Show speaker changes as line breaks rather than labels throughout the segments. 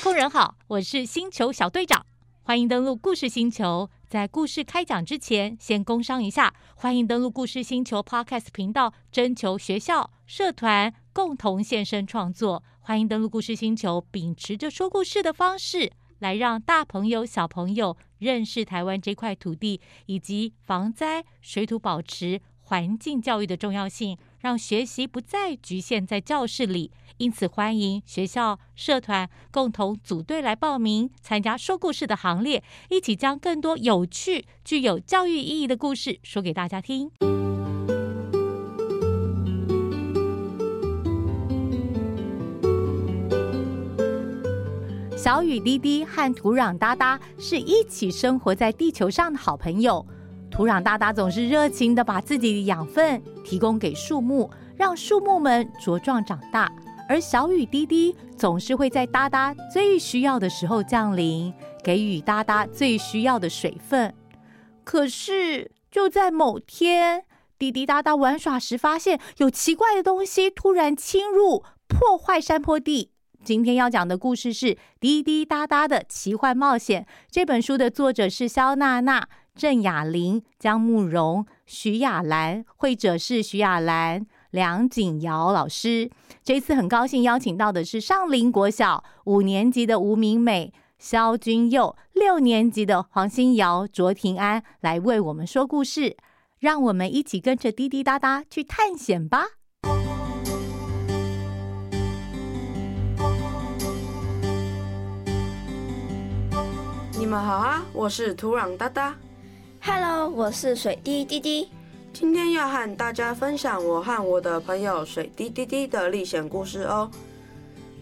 太空人好，我是星球小隊長，歡迎登陸故事星球。在故事開講之前，先工商一下。歡迎登陸故事星球 Podcast 頻道，徵求學校、社團共同現身創作。歡迎登陸故事星球，秉持着說故事的方式，來讓大朋友、小朋友認識臺灣這塊土地以及防災、水土保持、環境教育的重要性。讓學習不再侷限在教室裡，因此歡迎學校、社團共同組隊來報名參加說故事的行列，一起將更多有趣、具有教育意義的故事說給大家聽。小雨滴滴和土壤噠噠是一起生活在地球上的好朋友。土壤噠噠總是熱情地把自己的養分提供給樹木，讓樹木們茁壯長大。而小雨滴滴總是會在噠噠最需要的時候降臨，給予噠噠最需要的水分。可是就在某天，滴滴噠噠玩耍時發現有奇怪的東西突然侵入，破壞山坡地。今天要講的故事是《滴滴噠噠的奇幻冒險》。這本書的作者是肖娜娜。鄭雅玲、江慕柔、許雅嵐，繪者是許雅嵐、梁景堯老師。這一次很高興邀請到的是上林國小五年級的吳明鎂、蕭均祐，六年級的黃星堯、卓庭安來為我們說故事。讓我們一起跟着滴滴噠噠去探險吧！你們
好啊，我是土壤噠噠。Hello，我是水滴滴滴。今天要和大家分享我和我的朋友水滴滴滴的歷險故事哦。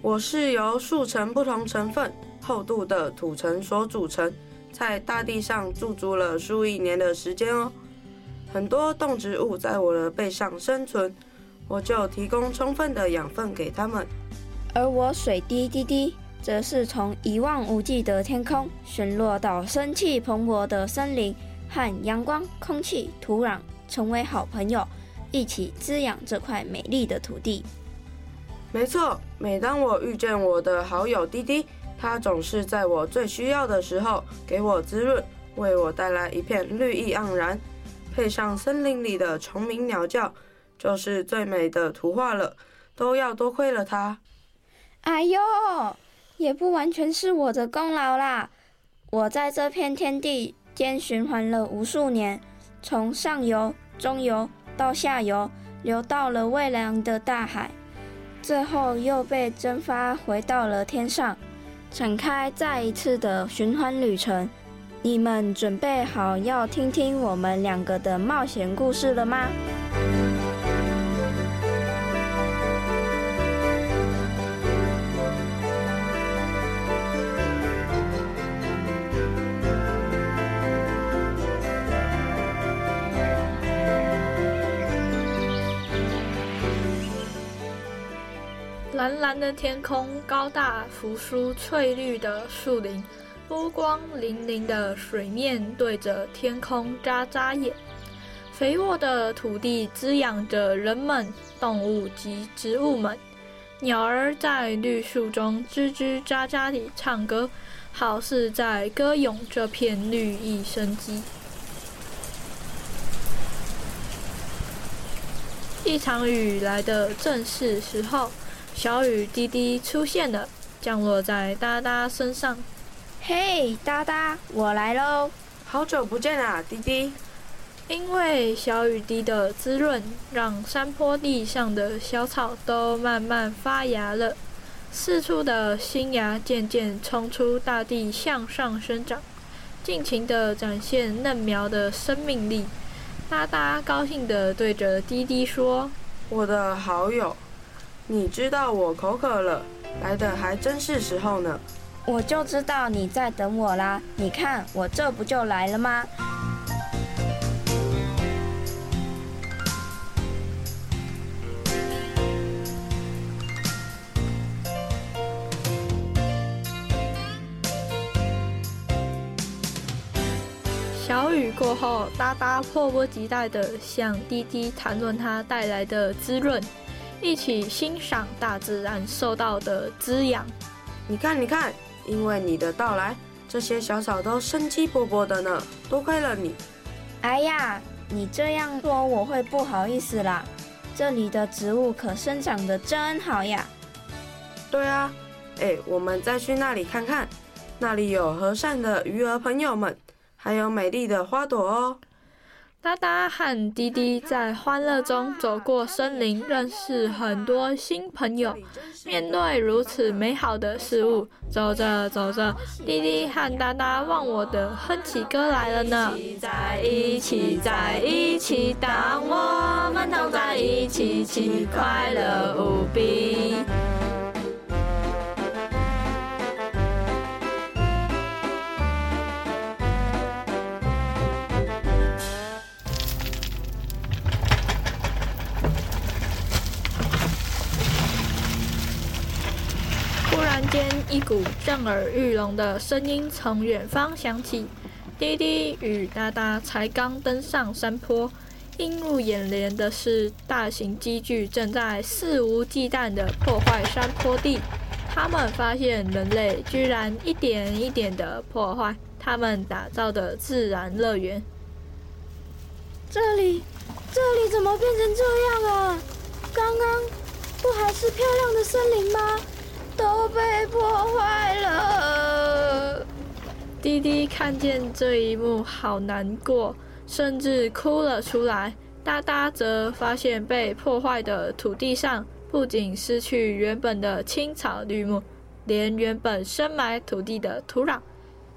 我是由數層不同成分、厚度的土層所組成，在大地上駐足了數億年的時間哦。很多動植物在我的背上生存，我就提供充分的養分給他們。
而我水滴滴滴，則是從一望無際的天空，旋落到生氣蓬勃的森林。和陽光、空氣、土壤成為好朋友，一起滋養這塊美麗的土地。
沒錯，每當我遇見我的好友滴滴，他總是在我最需要的時候給我滋潤，為我帶來一片綠意盎然。配上森林裡的蟲鳴鳥叫，就是最美的圖畫了。都要多虧了他。
哎呦，也不完全是我的功勞啦，我在這片天地。間循環了無數年，從上游、中游到下游，流到了蔚藍的大海，最後又被蒸發回到了天上，展開再一次的循環旅程。你們準備好要聽聽我們兩個的冒險故事了嗎？
藍藍的天空，高大扶疏翠綠的樹林，波光粼粼的水面對着天空眨眨眼。肥沃的土地滋養着人們、動物及植物們。鳥兒在綠樹中吱吱喳喳地唱歌，好似在歌詠這片綠意生機。一場雨來得正是時候。小雨滴滴出現了，降落在噠噠身上。嘿，噠噠，我來嘍！好久不見啦、啊，滴滴。因為小雨滴的滋潤，讓山坡地上的小草都慢慢發芽了。四處的新芽漸漸衝出大地，向上生長，盡情地展現嫩苗的生命力。噠噠高興地
對着滴滴說：“我
的
好友。”你知道我口渴了，來得還真是時候呢。
我就知道你在等我啦，你看我這不就來了嗎？
小雨過後，噠噠迫不及待地向滴滴談論它帶來的滋潤。一起欣賞大自然受到
的滋養。你看，你看，因為你的到來，這些小草都生機勃勃的呢。多虧了你。哎呀，你這樣說我會
不好意思啦。這裡的植物可生長得真好呀。
對啊，哎、欸，我們再去那裡看看，那裡有和善的魚兒朋友們，還有美麗的花朵哦。
噠噠和滴滴在歡樂中走過森林，認識很多新朋友。面對如此美好的事物，走着走着，滴滴和噠噠忘我的哼起歌來了呢。在一起，在一起，當我們同在一起，其快樂無比。一股震耳欲聾的聲音從遠方響起，滴滴與噠噠才剛登上山坡，映入眼簾的是大型機具正在肆無忌憚的破壞山坡地。他們發現人類居然一點一點的破壞他們打造的自然樂園。
這裡，這裡怎麼變成這樣啊？剛剛不還是漂亮的森林嗎？都被破壞了。
滴滴看見這一幕，好難過，甚至哭了出來。噠噠則發現，被破壞的土地上不僅失去原本的青草綠木，連原本深埋土地的土壤、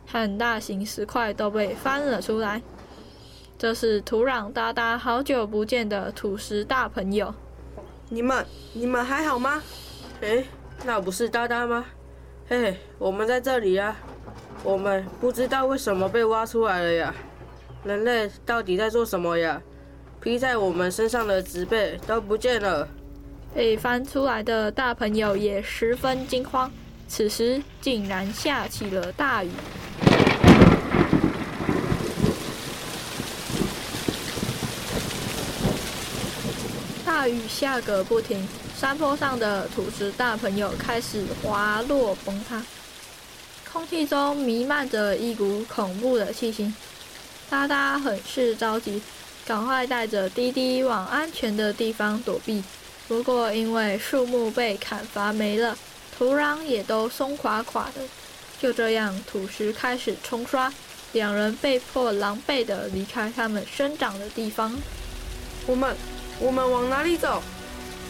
很大型石塊都被翻了出來。這是土壤噠噠好久不見的土石大朋友，
你們，你們還好嗎？誒。那不是噠噠嗎？嘿、hey，我們在這裡呀、啊！我們不知道為什麼被挖出來了呀！人類到底在做什麼呀？披在我們身上的植被都不見了。被翻出來的大朋友也十
分驚慌。此時，竟然下起了大雨，大雨下個不停。山坡上的土石大朋友開始滑落崩塌，空氣中彌漫着一股恐怖的氣息。噠噠很是着急，趕快帶着滴滴往安全的地方躲避。不過因為樹木被砍伐沒了，土壤也都鬆垮垮的，就這樣土石開始沖刷，兩人被迫狼狽地離開他們生長的地方。我們，
我們往哪裡走？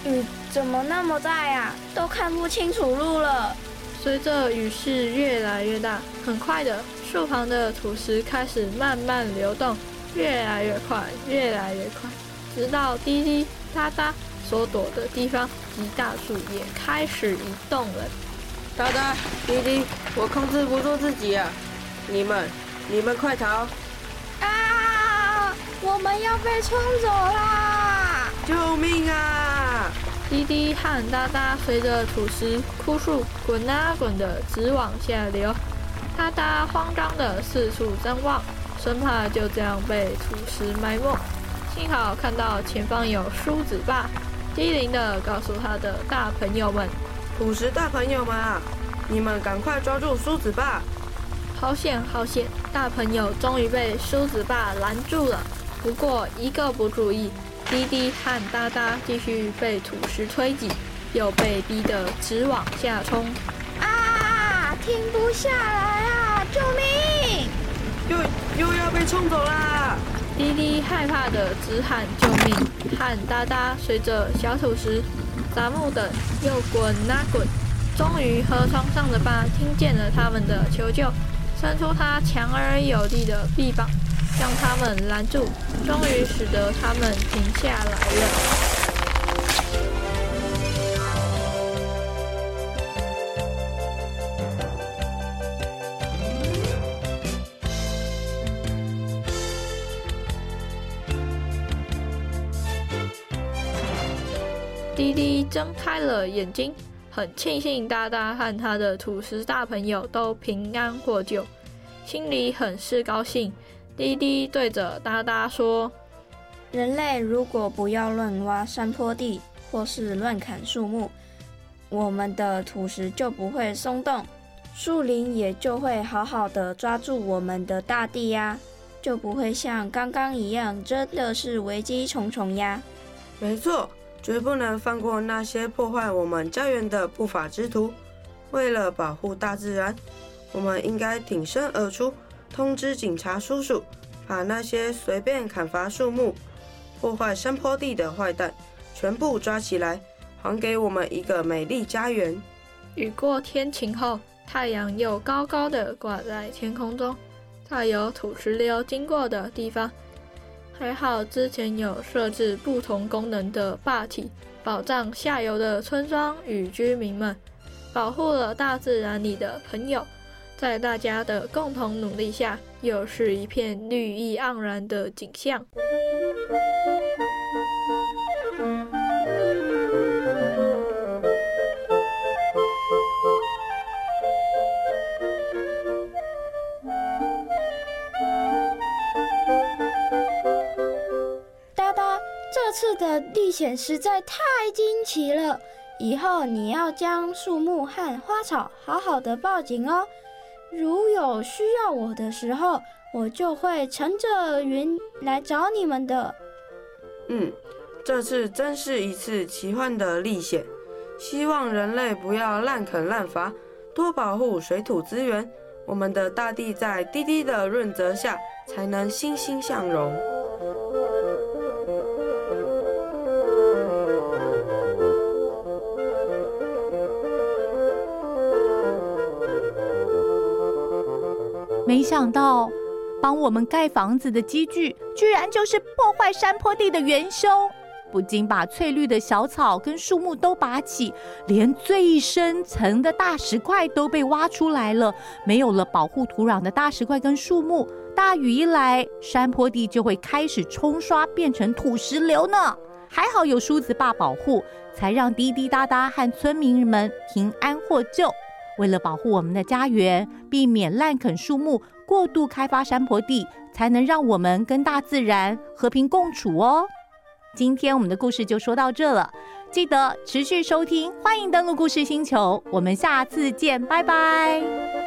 嗯。怎麼那麼大呀，啊？都看不清楚路了。隨着雨勢越來越大，很快的，樹旁的
土石開始慢慢流動，越來越快，越來越快，直到滴滴噠噠。噠噠所躲的地方及大樹也開始移
動了。噠噠滴滴，我控制不住自己啊！你們，你們快逃！
啊！我們要被沖走啦！
救命啊！滴滴和噠噠，隨着土石枯樹滾啊滾的直往下流，噠噠慌張的四處張望，生怕就這樣被土石埋沒。幸好看到前方有梳子壩，機靈的告訴他的大朋友們：“土石大
朋友們啊，你們趕快抓住梳子壩！”
好險好險！大朋友終於被梳子壩攔住了，不過一個不注意。滴滴和噠噠繼續被土石推擠，又被逼得直往下衝。啊！停不下來啊！救命！又又要被衝走啦！滴滴害怕的直喊救命，和噠噠隨着小土石雜木等，又滾啊滾。終於河床上的爸聽見了他們的求救，伸出他強而有力的臂膀，將他們攔住，終於使得他們停下來了。 滴滴睜開了眼睛，很慶幸噠噠和他的土石大朋友都平安獲救，心裡很
是高興。滴滴對着噠噠說：“人類如果不要亂挖山坡地，或是亂砍樹木，我們的土石就不會鬆動，樹林也就會好好的抓住我們的大地呀，就不會像剛剛一樣真的是危機重重呀。”“
沒錯，絕不能放過那些破壞我們家園的不法之徒。為了保護大自然，我們應該挺身而出。”通知警察叔叔，把那些隨便砍伐樹木、破壞山坡地的壞蛋全部抓起來，還給我們一個美麗家園。
雨過天晴後，太陽又高高的掛在天空中，在有土石流經過的地方，還好之前有設置不同功能的壩體，保障下游的村莊與居民們，保護了大自然裡的朋友。在大家的共同努力下，又是一片綠意盎然的景象。
噠噠，這次的歷險實在太驚奇了！以後你要將樹木和花草好好的報警哦。如有需要我的時候，我就會乘着雲來找你們的。
嗯，這次真是一次奇幻的歷險。希望人類不要濫墾濫伐，多保護水土資源。我們的大地在滴滴的潤澤下，才能欣欣向榮。
沒想到，幫我們蓋房子的機具，居然就是破壞山坡地的元凶。不僅把翠綠的小草跟樹木都拔起，連最深層的大石塊都被挖出來了。沒有了保護土壤的大石塊跟樹木，大雨一來，山坡地就會開始沖刷，變成土石流呢。還好有梳子壩保護，才讓滴滴噠噠和村民們平安獲救。為了保護我們的家園，避免濫砍樹木、過度開發山坡地，才能讓我們跟大自然和平共處哦。今天我們的故事就說到這了，記得持續收聽，歡迎登錄故事星球，我們下次見，拜拜。